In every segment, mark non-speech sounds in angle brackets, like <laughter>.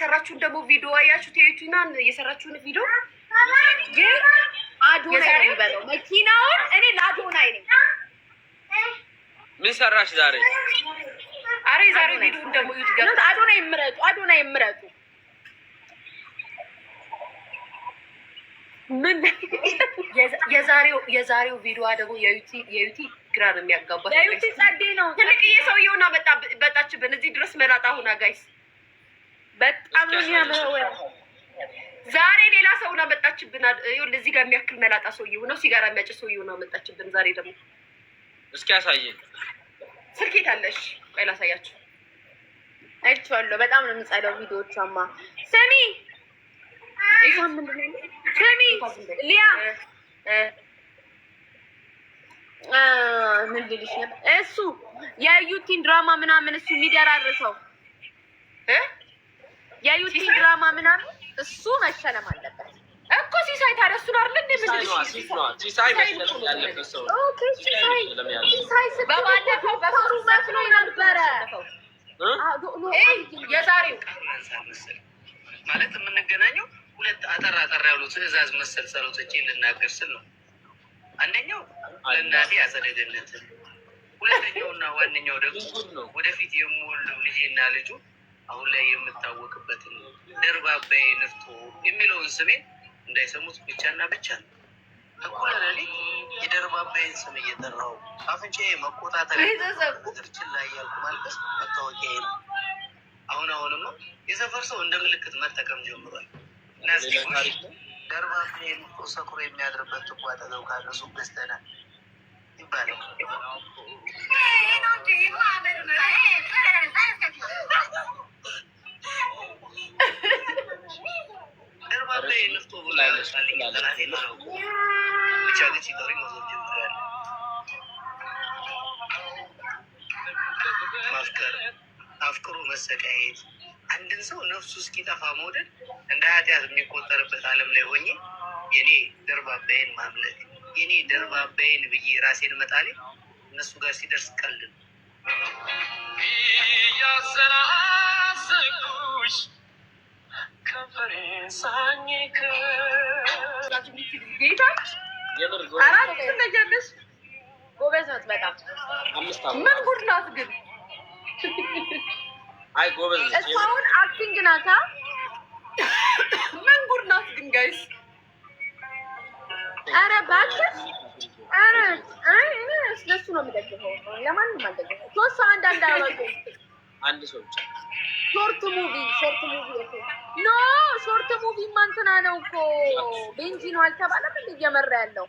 የሰራችሁን ደግሞ ቪዲዮ አያችሁ። ቴቱናን የሰራችሁን ቪዲዮ ግን አዶናይ ነው የሚበለው መኪናውን። እኔ ለአዶናይ ነኝ። ምን ሰራሽ ዛሬ? አረ ዛሬ ቪዲዮን ደግሞ ዩት አዶናይ ምረጡ፣ አዶናይ ምረጡ። ምን የዛሬው ቪዲዮ ደግሞ የዩቲ ግራ ነው ጸዴ ነው ትልቅዬ ሰውዬውን እዚህ ድረስ መላጣ ሁና ጋይስ በጣም ነው የሚያምረው። ዛሬ ሌላ ሰው ነው መጣችብን። ይኸውልህ እዚህ ጋር የሚያክል መላጣ ሰውዬው ነው ሲጋራ የሚያጭስ ሰውዬው ነው መጣችብን። ዛሬ ደግሞ እስኪ ያሳየኝ ስልኬት አለሽ? ቆይ ላሳያቸው። አይቼዋለሁ። በጣም ነው የምጸለው ቪዲዮቿማ። ስሚ ስሚ ሊያ ምን ልልሽ ነበር? እሱ የዩቲን ድራማ ምናምን እሱ የሚደራርሰው የዩቲዩብ ድራማ ምናምን እሱ መሸለም አለበት እኮ ሲሳይ። ታዲያ እሱን አይደለ እንደ ሲሳይ በባለፈው በሩ መስሎ ነበረ የዛሬው ማለት የምንገናኘው ሁለት አጠር አጠር ያሉ ትዕዛዝ መሰል ጸሎቶች ልናገር ስል ነው። አንደኛው ለእናቴ አጸደ ገነትን፣ ሁለተኛውና ዋነኛው ደግሞ ወደፊት የምወልደው ልጄና ልጁ አሁን ላይ የምታወቅበትን ደርባባዬ ነፍቶ የሚለውን ስሜን እንዳይሰሙት ብቻና ብቻ ነው። እኩለ የደርባባይን ስም እየጠራው አፍንጫ መቆጣጠር ቁጥርችን ላይ ያልኩ ማልቀስ መታወቂያ ነው። አሁን አሁንማ የሰፈር ሰው እንደ ምልክት መጠቀም ጀምሯል። እናስኪ ደርባባዬ ነፍቶ ሰክሮ የሚያድርበት ትጓጠለው ካነሱ ገዝተናል ይባላል። ሲጠሪ ማፍቀር አፍቅሮ መሰቃየት፣ አንድን ሰው ነፍሱ እስኪጠፋ መውደድ እንደ ኃጢአት የሚቆጠርበት ዓለም ላይ ሆኜ የኔ ደርባባይን ማምለክ የኔ ደርባባይን ብዬ ራሴን መጣሌ እነሱ ጋር ሲደርስ ቀልድ ነው። ከንፈሬን ሳኝክ ጌታ አራት ትነጃለሽ። ጎበዝ ናት በጣም ምን ጉድ ናት ግን እስካሁን አክቲንግ ናታ። ምን ጉድ ናት ግን ጋይስ። ኧረ እባክህ ኧረ ስለሱ ነው የምደግፈው፣ ለማንም አልደግፈው። ሶስት ሰው አንዳንድ ሾርት ሙቪ ሾርት ሙቪ ኖ ሾርት ሙቪ ማንትና ነው እኮ ቤንጂ ነው አልተባለም። እንደ እየመራ ያለው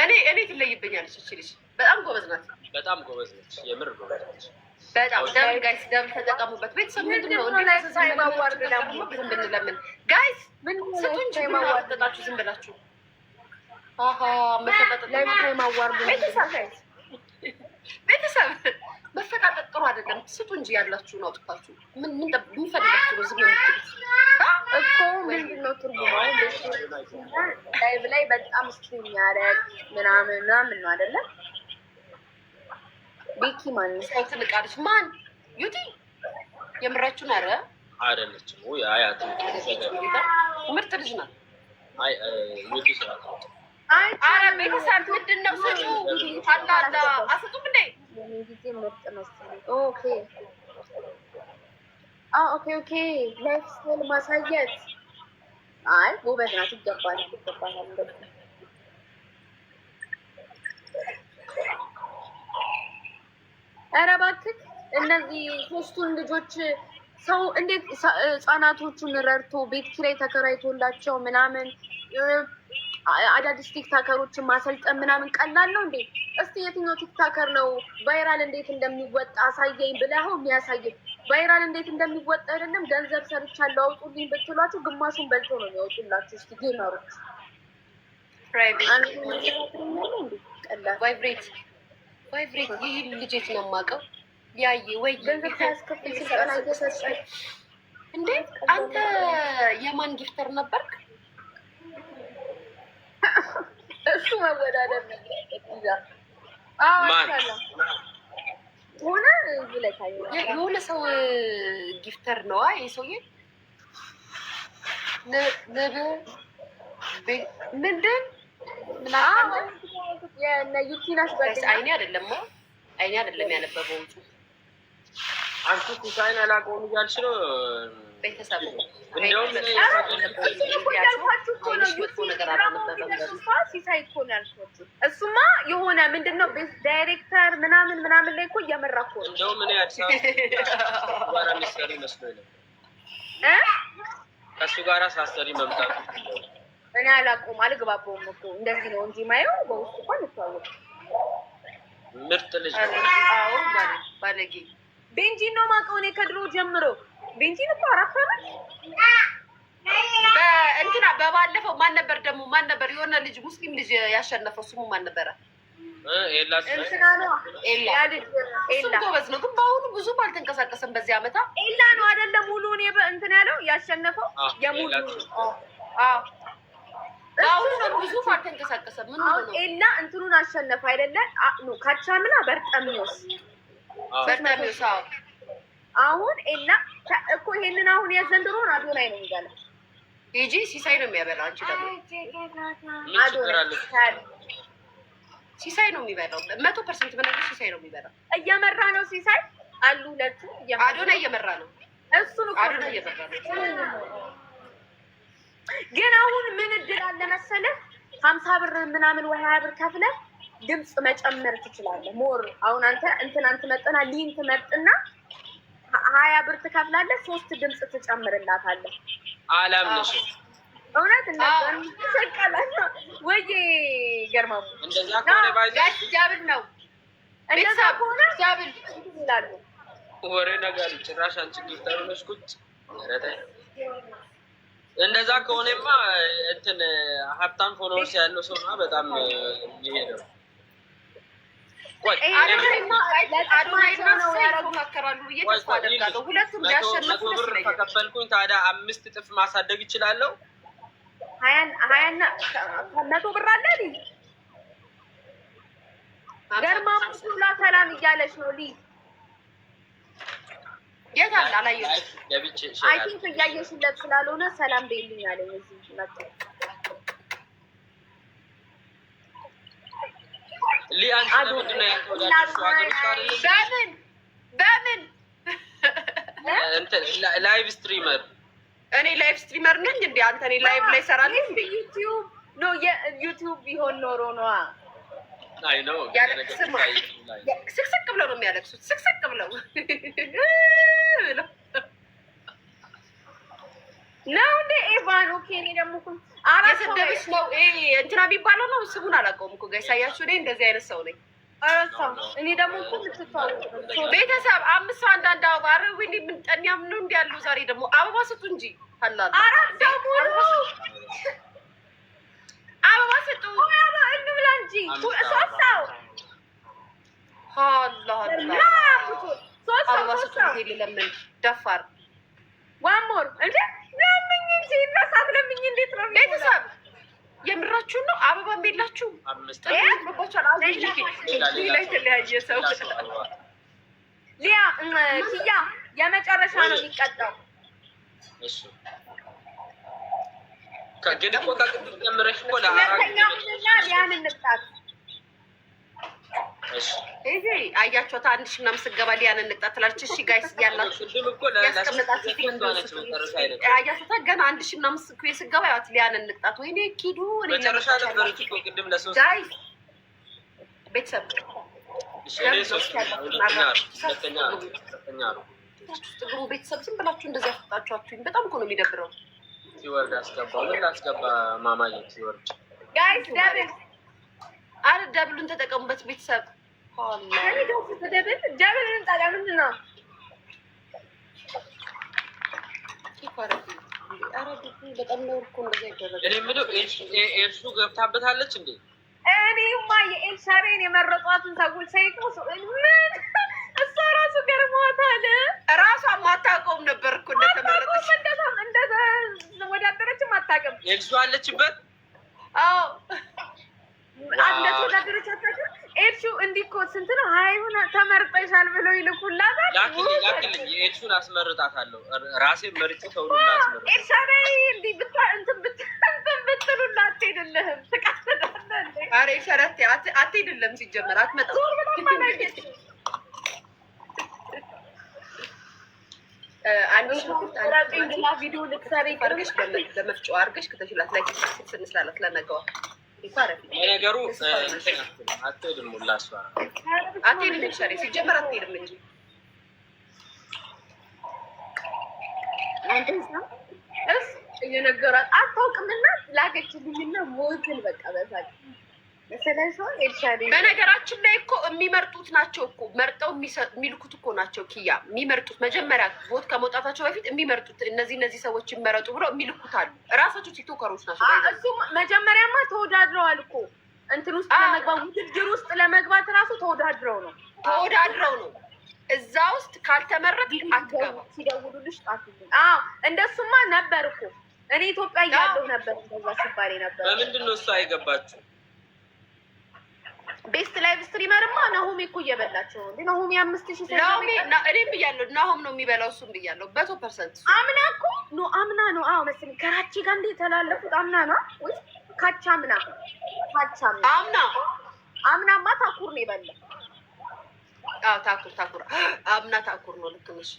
እኔ እኔ ትለይብኛለች። እቺ ልጅ በጣም ጎበዝ ናት። በጣም ጎበዝ ነች። የምር ጎበዝ ነች። በጣም ደም ጋይስ፣ ደም ተጠቀሙበት። ቤተሰብ ምንድን ነው እንዴት ሳይማዋርድ ለምን ጋይስ፣ ምን ስጡን እንጂ ምን ዝም ብላችሁ ቤተሰብ መፈጣጠጥ ጥሩ አይደለም። ስጡ እንጂ ያላችሁ ነው ጥፋችሁ። ምን የሚፈልጋችሁ ነው? ዝም እኮ ምንድን ነው ላይቭ ላይ በጣም እስኪ የሚያደርግ ምናምን ምናምን ነው አይደለም። ቤኪ ማን ትንቃለች? ማን ዩቲ የምራችሁን? አረ አይደለችም። ምርጥ ልጅ ናት። ኧረ ቤተሰብ ምንድን ነው ስጩ አላላ አስጡም እንዴ ጊዜ ምርጥ መሰለኝ። ኦኬ ኦኬ ኦኬ ላይፍ ስታይል ማሳየት አይ ውበት ናት፣ ይገባል ይገባል። ኧረ እባክህ እነዚህ ሶስቱን ልጆች ሰው እንዴት ህጻናቶቹን ረድቶ ቤት ኪራይ ተከራይቶላቸው ምናምን አዳዲስ ቲክታከሮችን ማሰልጠን ምናምን ቀላል ነው እንዴ? እስቲ የትኛው ቲክታከር ነው ቫይራል እንዴት እንደሚወጣ አሳየኝ ብለህ አሁን የሚያሳየን ቫይራል እንዴት እንደሚወጣ አይደለም። ገንዘብ ሰርቻለሁ አውጡልኝ ብትሏቸው ግማሹን በልቶ ነው የሚያወጡላችሁ። እስቲ ጌመሮች ቫይብሬት ይህን ልጅት ነው የማውቀው ያየ ወይ ገንዘብ ሳያስከፍል ስልጠና እየሰጠች እንዴ? አንተ የማን ጊፍተር ነበርክ? እሱ መወዳደር የሆነ ሰው ጊፍተር ነዋ። ይሄ ሰውዬ ምንድን አይኔ አይደለም አይኔ ያነበበው አንቺ ኩሳይን እያልሽ ነው ቤተሰቡ ሲሳይ እኮ ነው ያልኳችሁ። እሱማ የሆነ ምንድን ነው ዳይሬክተር ምናምን ምናምን ላይ እኮ እያመራ እኮ ነው። ከእሱ ጋር ሳሰሪ መምጣቱ እኔ አላውቀውም፣ አልግባበውም እኮ እንደዚህ ነው እንጂ ማየው በውስጥ እንኳን ምርጥ ልጅ ባለጌ ቤንጂን ነው የማውቀው እኔ ከድሮ ጀምሮ ቤንዚን እኮ አራት እንትና በባለፈው ማን ነበር ደግሞ ማን ነበር የሆነ ልጅ ሙስሊም ልጅ ያሸነፈው ስሙ ማን ነበረ? እንትና ነው ጎበዝ ነው፣ ግን በአሁኑ ብዙም አልተንቀሳቀሰም። በዚህ አመታ ኤላ ነው አይደለም ሙሉን እንትን ያለው ያሸነፈው የሙሉ ኤላ እንትኑን አሸነፈ አይደለ? ካቻምና በርጠሚዮስ በርጠሚዮስ አሁን ኤላ እኮ ይሄንን አሁን ራዲዮ ላይ ነው የሚበላ። ሂጂ ሲሳይ ነው የሚያበላ። አንቺ ደግሞ ሲሳይ ነው የሚበላው። መቶ ፐርሰንት ብና ሲሳይ ነው የሚበላው። እየመራ ነው ሲሳይ አሉ ሁለቱ አዶናይ እየመራ ነው። እሱን አዶናይ እየመራ ነው። ግን አሁን ምን እድል አለ መሰለ ሀምሳ ብር ምናምን ወይ ሀያ ብር ከፍለህ ድምፅ መጨመር ትችላለህ። ሞር አሁን አንተ እንትን አንተ መጠና ሊንት መጥና ሀያ ብር ትከፍላለህ፣ ሶስት ድምፅ ትጨምርላታለህ። አላምነሽም። እውነት እንደሰቀላለ ወይ ገርማሙ ጃብል ነው። እንደዛ ከሆነ ጃብል ይላሉ። ወሬ ነገር ጭራሽ አንቺ ጊፍተር ቁጭ እንደዛ ከሆነማ እንትን ሀብታም ፎሎወርስ ያለው ሰው በጣም ይሄ ነው። ከከፈልኩኝ ታዲያ አምስት እጥፍ ማሳደግ ይችላለሁ። ሀያና መቶ ብር አለ ገርማ ሙላ ሰላም እያለች ነው ልጅ የት አለ አላየሁትም። አይ ቲንክ እያየሽለት ስላልሆነ ሰላም በይልኝ አለኝ እዚህ መጣሁ በምን ላይቭ ስትሪመር እኔ ላይቭ ስትሪመር ነኝ እንዴ? አንተ እኔ ላይቭ ላይ እሰራለሁ እንዴ? ዩቲዩብ ኖ የዩቲዩብ ቢሆን ኖሮ ነዋ። አይ ነው ስቅስቅ ብለው ነው የሚያለቅሱት። ስቅስቅ ብለው ነው እንደ ኤቫን ኦኬ። እኔ ደግሞ የሰደበች ነው እንትና ቢባለው ነው ስሙን አላውቀውም እኮ ጋይ ሳያችሁ ላይ እንደዚህ አይነት ሰው ነኝ። እኔ ደግሞ ቤተሰብ አምስት ሰው አንዳንድ አበባ አረ ወይኔ ምንጠኛ ምነው እንዲ ያሉ ዛሬ ደግሞ አበባ ስጡ እንጂ አላለ አራት ደግሞ አበባ ስጡ እንብላ እንጂ ሶስት ሰው አላ ሶስት ሰው ሶስት ሰው ለምን ደፋር ዋን ሞር እንዴ ለምኝ እንጂ እናሳት ለምኝ። እንዴት ነው ቤተሰብ የምራችሁን ነው? አበባም የላችሁም? ላይ ሰው ሊያ ኪያ የመጨረሻ ነው የሚቀጣው። ግን እኮ ከቅድም ጀምረሽ እኮ ይሄ አያቸውታ አንድ ሺህ ምናምን ስገባ ሊያን እንቅጣ ትላለች። እሺ ጋይስ ያላችሁ ያስቀምጣችሁ አያቸውታ ገና አንድ ሺህ ምናምን ስኩ ስገባ ያት ሊያን እንቅጣት ወይኔ ኪዱ ጋይስ ቤተሰብ ግቡ ቤተሰብ ዝም ብላችሁ እንደዚህ ያፈጣችኋችሁኝ በጣም እኮ ነው የሚደብረው። ሲወርድ አስገባ ምን አስገባ ማማዬ ሲወርድ ጋይስ ደብል አረ ደብሉን ተጠቀሙበት ቤተሰብ ኤልሱ ገብታበታለች እንዴ? እኔማ የኤልሻሬን የመረጧትን ሰዎች ሳይቀር ምን እሷ ራሱ ገርሟታል። ራሷ ማታውቀውም ነበር እኮ እንደተመረጠች እንደተወዳደረችም አታውቅም። ኤልሱ አለችበት። አዎ እንደተወዳደረች ኤድሹ እንዲህ እኮ ስንት ነው ሀይ ሆነ ተመርጠሻል ብለው ይልኩላታል። ላክልኝ ኤድሹን አስመርጣታለሁ ራሴ መርጬ ተውሉ ኤድሻዳይ እንዲህ ብታ እንትን <laughs> ብትሉላ አትሄድልህም ትቃስዳለ ኧረ ሸረት አትሄድልም ሲጀመር አትመጣም። አንዱ ቪዲዮ ልትሰሪ ቀርገሽ በመፍጫ አርገሽ ክተሽላት ላይ ስንስላለት ለነገዋል ነገሩ አትሄድም ሁላ እሷ አትሄድም ይሻል ሲጀመር አትሄድም እንጂ እየነገሯት አታውቅምና ላገችልኝና ሞትን በቃ በሳቅ በነገራችን ላይ እኮ የሚመርጡት ናቸው እኮ መርጠው የሚልኩት እኮ ናቸው። ኪያ የሚመርጡት መጀመሪያ ቦት ከመውጣታቸው በፊት የሚመርጡት እነዚህ እነዚህ ሰዎች ይመረጡ ብለው የሚልኩት አሉ። እራሳቸው ቲክቶከሮች ናቸው። እሱ መጀመሪያማ ተወዳድረዋል እኮ እንትን ውስጥ ለመግባት ውድድር ውስጥ ለመግባት ራሱ ተወዳድረው ነው ተወዳድረው ነው እዛ ውስጥ ካልተመረጥ አትገባ። ሲደውሉልሽ ጣት እንደሱማ ነበር እኮ እኔ ኢትዮጵያ እያለሁ ነበር እንደዛ ሲባል ነበር። በምንድን ነው እሱ አይገባችሁ ቤስት ላይቭ ስትሪመርማ ናሆም እኮ እየበላቸው ነው። ናሆም የአምስት ሺ እኔም ብያለሁ። ናሆም ነው የሚበላው፣ እሱም ብያለሁ። በቶ ፐርሰንት አምና እኮ ኖ አምና ነው። አዎ መሰለኝ ከራቼ ጋር እንደ የተላለፉት አምና ነው ወይ ካቻ አምና ካቻ አምና አምናማ ታኩር ነው የበላው። ታኩር ታኩር <gasps> አምና ታኩር ነው ልክ ነሽ።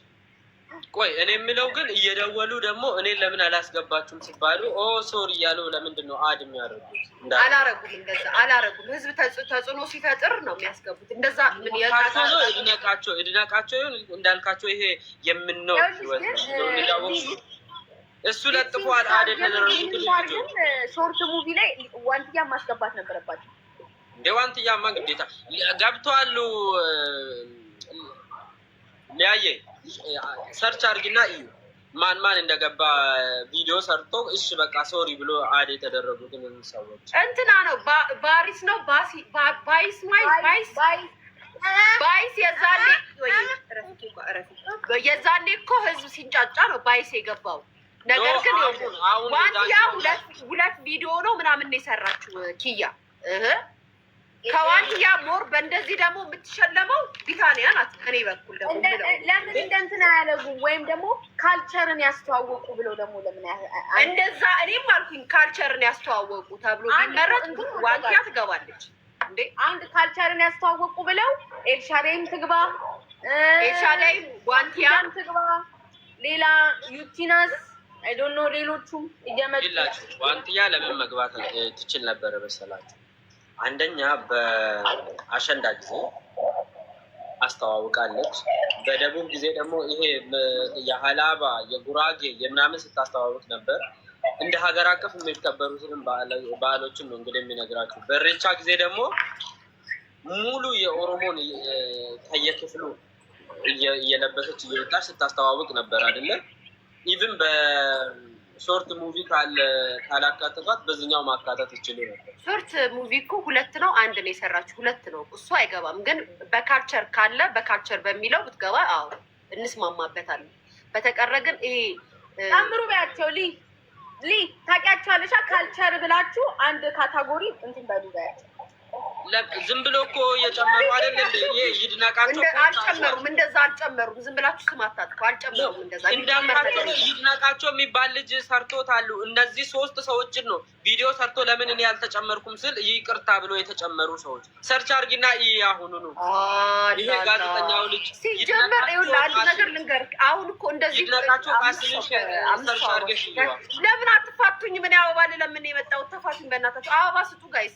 ቆይ እኔ የምለው ግን እየደወሉ ደግሞ እኔ ለምን አላስገባችሁም ሲባሉ ኦ ሶሪ እያሉ ለምንድን ነው አድ የሚያደርጉት? አላረጉም፣ እንደዛ አላረጉም። ህዝብ ተጽዕኖ ሲፈጥር ነው የሚያስገቡት። እንደዛ ምን እድነቃቸው እድነቃቸው ይሁን እንዳልካቸው ይሄ የምንነው እሱ ለጥፏል አደለግን ሾርት ሙቪ ላይ ዋንትያ ማስገባት ነበረባቸው። እንደ ዋንትያማ ግዴታ ገብተዋሉ ሊያየ ሰርች አድርጊና እዩ ማን ማን እንደገባ ቪዲዮ ሰርቶ እሺ በቃ ሶሪ ብሎ አድ የተደረጉትን ሰዎች እንትና ነው ባሪስ ነው ባይስ ባይስ ባይስ የዛኔ እኮ ህዝብ ሲንጫጫ ነው ባይስ የገባው። ነገር ግን ዋንያ ሁለት ቪዲዮ ነው ምናምን የሰራችው ኪያ ከዋንያ ሞር በእንደዚህ ደግሞ የምትሸለመው ቢታንያ ናት። እኔ በኩል ደግሞ ለምን እንደንትን እንትን ወይም ደግሞ ካልቸርን ያስተዋወቁ ብለው ደግሞ ለምን እንደዛ እኔም አልኩኝ ካልቸርን ያስተዋወቁ ተብሎ ቢመረጥ ዋንያ ትገባለች እንዴ? አንድ ካልቸርን ያስተዋወቁ ብለው ኤልሻዳይም ትግባ፣ ኤልሻዳይም ዋንቲያም ትግባ፣ ሌላ ዩቲናስ አይዶኖ ሌሎቹም እየመጡ ዋንትያ ለምን መግባት ትችል ነበረ በሰላቸው አንደኛ በአሸንዳ ጊዜ አስተዋውቃለች። በደቡብ ጊዜ ደግሞ ይሄ የሀላባ የጉራጌ የምናምን ስታስተዋውቅ ነበር። እንደ ሀገር አቀፍ የሚከበሩትን ባህሎችን ነው እንግዲህ የሚነግራችሁ። በሬቻ ጊዜ ደግሞ ሙሉ የኦሮሞን ከየክፍሉ እየለበሰች እየወጣች ስታስተዋውቅ ነበር አይደለም ኢቭን ሾርት ሙቪ ካላካተቷት በዚህኛው ማካተት ይችሉ ነበር። ሾርት ሙቪ እኮ ሁለት ነው፣ አንድ ነው የሰራችው፣ ሁለት ነው እሱ አይገባም። ግን በካልቸር ካለ በካልቸር በሚለው ብትገባ አዎ እንስማማበታለን። በተቀረ ግን ይሄ ጨምሩ በያቸው ሊ ሊ ታውቂያቸዋለሻ ካልቸር ብላችሁ አንድ ካታጎሪ እንትን በሉ በያቸው ዝም ብሎ እኮ እየጨመሩ አይደለም። ይድነቃቸው አልጨመሩም፣ እንደዛ አልጨመሩም። ዝም ብላችሁ ስም አታጥፉ። አልጨመሩም፣ እንደዛ እንዳልካቸው ይድነቃቸው የሚባል ልጅ ሰርቶት አሉ። እነዚህ ሶስት ሰዎችን ነው ቪዲዮ ሰርቶ ለምን እኔ ያልተጨመርኩም ስል ይቅርታ ብሎ የተጨመሩ ሰዎች ሰርች አርጊና፣ ይህ አሁኑ ነው። ይሄ ጋዜጠኛው ልጅ ሲጀመር ይሁን አንድ ነገር ልንገርህ። አሁን እኮ እንደዚህ ይድነቃቸው ቃስልሽ ሰርች አርገሽ ለምን አትፋቱኝ? ምን አበባ ልለምን የመጣው ተፋቱኝ፣ በእናታቸው አበባ ስጡ ጋይስ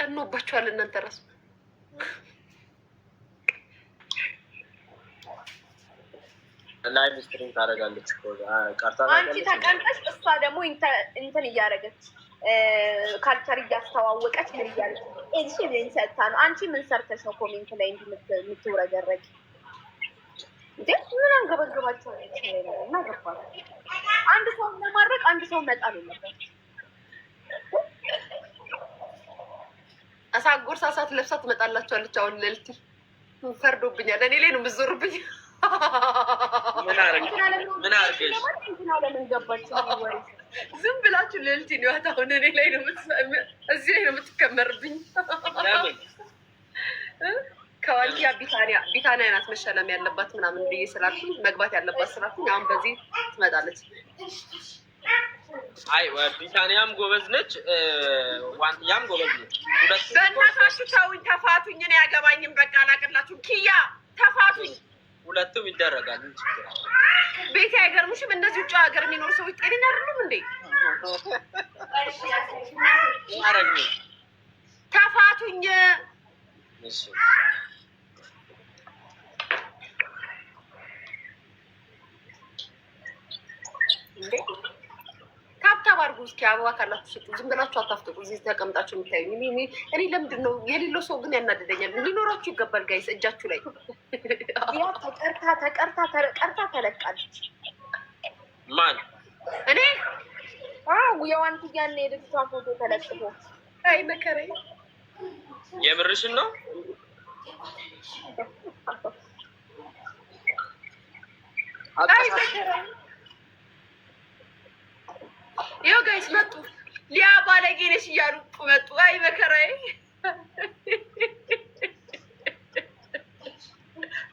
ጠኖባችኋል እናንተ ራሱ ላይ ስትሪም ታደርጋለች። አንቺ ተቀምጠሽ እሷ ደግሞ እንትን እያደረገች ካልቸር እያስተዋወቀች ምን እያለች እሺ፣ ምን ሰጥታ ነው? አንቺ ምን ሰርተሽ ነው ኮሜንት ላይ እንዲህ የምትውረገረግ? እንዴ ምን አንገበገባቸው? እና ገባ አንድ ሰው ለማድረግ አንድ ሰው ነው ነበር አሳጎር ሳሳት እሳት ለብሳ ትመጣላችኋለች። አሁን ለልቲ ፈርዶብኛል። እኔ ላይ ነው የምትዞርብኝ። ዝም ብላችሁ ለልቲ ኒዋት አሁን እኔ ላይ ነው እዚህ ላይ ነው የምትከመርብኝ። ከዋልያ ቢታንያ ቢታንያ ናት መሸለም ያለባት ምናምን ብዬ ስላልኩኝ መግባት ያለባት ስላልኩኝ አሁን በዚህ ትመጣለች። አይ ቢታንያም ጎበዝ ነች፣ ዋንያም ጎበዝ ነች። በእናታችሁ ተውኝ፣ ተፋቱኝ። እኔ ያገባኝም በቃ አላቅላችሁ። ኪያ ተፋቱኝ። ሁለቱም ይደረጋል። ቤት አይገርምሽም? እነዚህ ውጭ ሀገር የሚኖሩ ሰዎች ጤነኛ አይደሉም እንዴ? ተፋቱኝ። እንዴ እስኪ አበባ ካላችሁ ስጡ። ዝም ብላችሁ አታፍጥቁ። እዚህ ተቀምጣችሁ የሚታዩ እኔ ለምንድን ነው የሌለው ሰው ግን ያናደደኛል። ሊኖራችሁ ይገባል ጋይስ፣ እጃችሁ ላይ ተቀርታ ተቀርታ ተቀርታ ተለቃለች። ማን እኔ የዋንትያ እና የልጅቷ ፎቶ ተለቅቶ አይ መከረኝ። የምርሽን ነው አይ መከረኝ ይኸው ጋይስ መጡ። ሊያ ባለጌ ነሽ እያሉ መጡ። አይ መከራዬ፣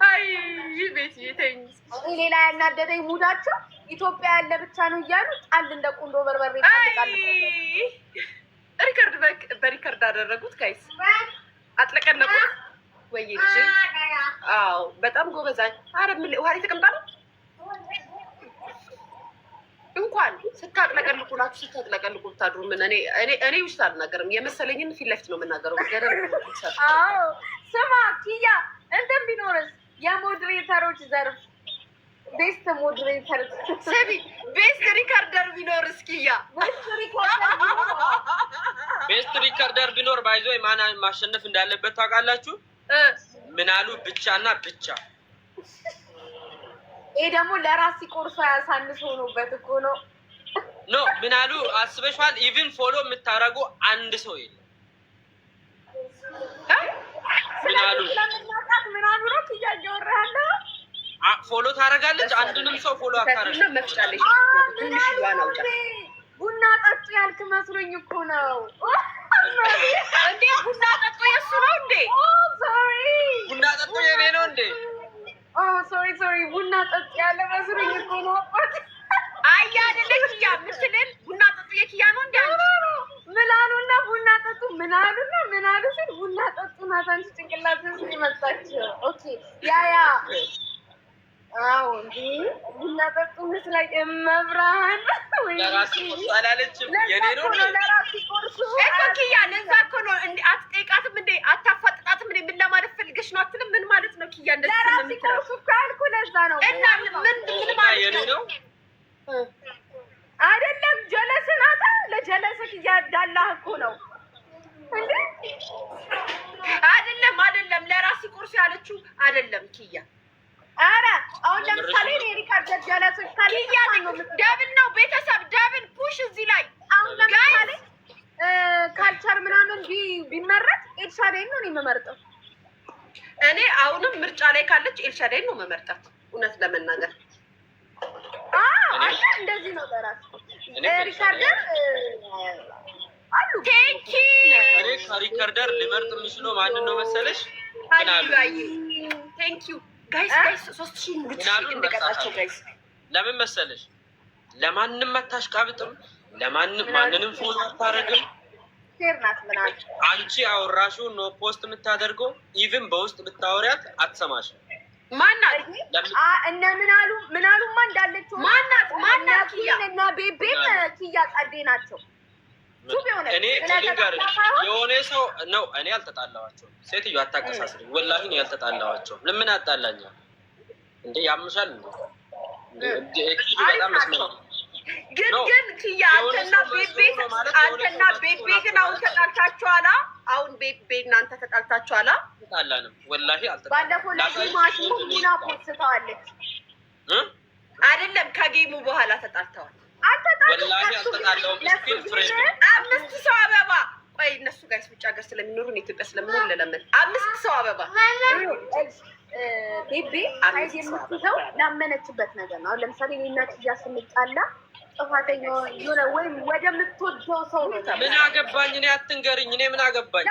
አይ ቤት ተኝ። ሌላ ያናደደኝ ሙዳቸው ኢትዮጵያ ያለ ብቻ ነው እያሉ ጣል እንደ ቁንዶ በርበሬ ሪከርድ በሪከርድ አደረጉት። ጋይስ አጥለቀለቁት። ወይዬ ልጅ፣ አዎ በጣም ጎበዛኝ አረ ውሃ ላይ ተቀምጣ ነው እንኳን ስታጥለቀልቁ ናችሁ ስታጥለቀልቁ ብታድሩ ምን እኔ እኔ እኔ ውስጥ አልናገርም። የመሰለኝን ፊት ለፊት ነው የምናገረው። ገደር ስማ ኪያ እንደም ቢኖርስ የሞድሬተሮች ዘርፍ ቤስት ሞድሬተር ሰቢ ቤስት ሪከርደር ቢኖርስ ኪያ ቤስት ሪካርደር ቢኖር ባይዞ ማና ማሸነፍ እንዳለበት ታውቃላችሁ? ምናሉ ብቻና ብቻ ይሄ ደግሞ ለራስ ሲቆርሶ ያሳንስ ሆኖበት እኮ ነው። ኖ ምን አሉ አስበሽዋል? ኢቭን ፎሎ የምታደርጉ አንድ ሰው የለም። ፎሎ ታደርጋለች። አንድንም ሰው ፎሎ አታረጋለች። ቡና ጠጡ ያልክ መስሎኝ እኮ ነው ፈንስ ጭንቅላት ውስጥ ይመጣቸው። ኦኬ ያ ያ አዎ፣ እንዲ ቡና ጠጡ መስላኝ መብራን ለራሱ እኮ ነው። አትጠይቃትም እንዴ? አታፋጥጣትም እንዴ? ምን ለማለት ፈልገሽ ነው አትልም? ምን ማለት ነው ኪያ? ለራሱ ቆርሱ ካልኩ ለዛ ነው እና ምን ምን ማለት ነው አይደለም። ጀለስን አጣ ለጀለስ እያዳላህ እኮ ነው አይደለም አይደለም፣ ለራሴ ቁርስ ያለችው አይደለም ኪያ። አረ አሁን ለምሳሌ ሪካርድ ያለችው ኪያ ደብን ነው ቤተሰብ ደብን ፑሽ እዚህ ላይ አሁን ለምሳሌ ካልቸር ምናምን ቢመረጥ ኤልሻዴ ነው የምመርጠው እኔ። አሁንም ምርጫ ላይ ካለች ኤልሻዴ ነው መመርጣት እውነት ለመናገር አዎ፣ እንደዚህ ነው በራሱ ሪካርደር ሪከርደር ልመርጥ የሚችለው ማንን ነው መሰለሽ? ለምን መሰለሽ? ለማንም አታሽቃብጥም፣ ማንንም ፎሎ አታደርግም። አንቺ አወራሽውን ነው ፖስት የምታደርገው። ኢቭን በውስጥ ብታወሪያት አትሰማሽም። ማናት እነ ምን አሉ ምን አሉማ እንዳለችው ማናት ማናት እና ቤቤም ኪያ ጸዴ ናቸው። የሆነ ሰው ነው። እኔ አልተጣላኋቸውም። ሴትዮ አታቀሳስልኝ። ወላሂ ለምን እንዴ? ያምሻል እንዴ? ግን ግን ክያ አንተና ቤቤ አንተና ቤቤ ግን አሁን ተጣልታችኋላ? አሁን ቤቤ እናንተ ተጣልታችኋላ? ወላሂ ባለፈው ሙና ፖስተዋለች አይደለም? ከጌሙ በኋላ ተጣልተዋል። አምስት ሰው አበባ ቆይ እነሱ ውጭ ሀገር ስለሚኖሩ ኢትዮጵያ አምስት ሰው አበባ ቤቤ የምትይዘው ላመነችበት ነገር ነው። ለምሳሌ እኔና ጭያ ስንጣላ ጥፋተኛ የሆነ ወይም ሰው ነው። ምን አገባኝ እኔ አትንገርኝ፣ እኔ ምን አገባኝ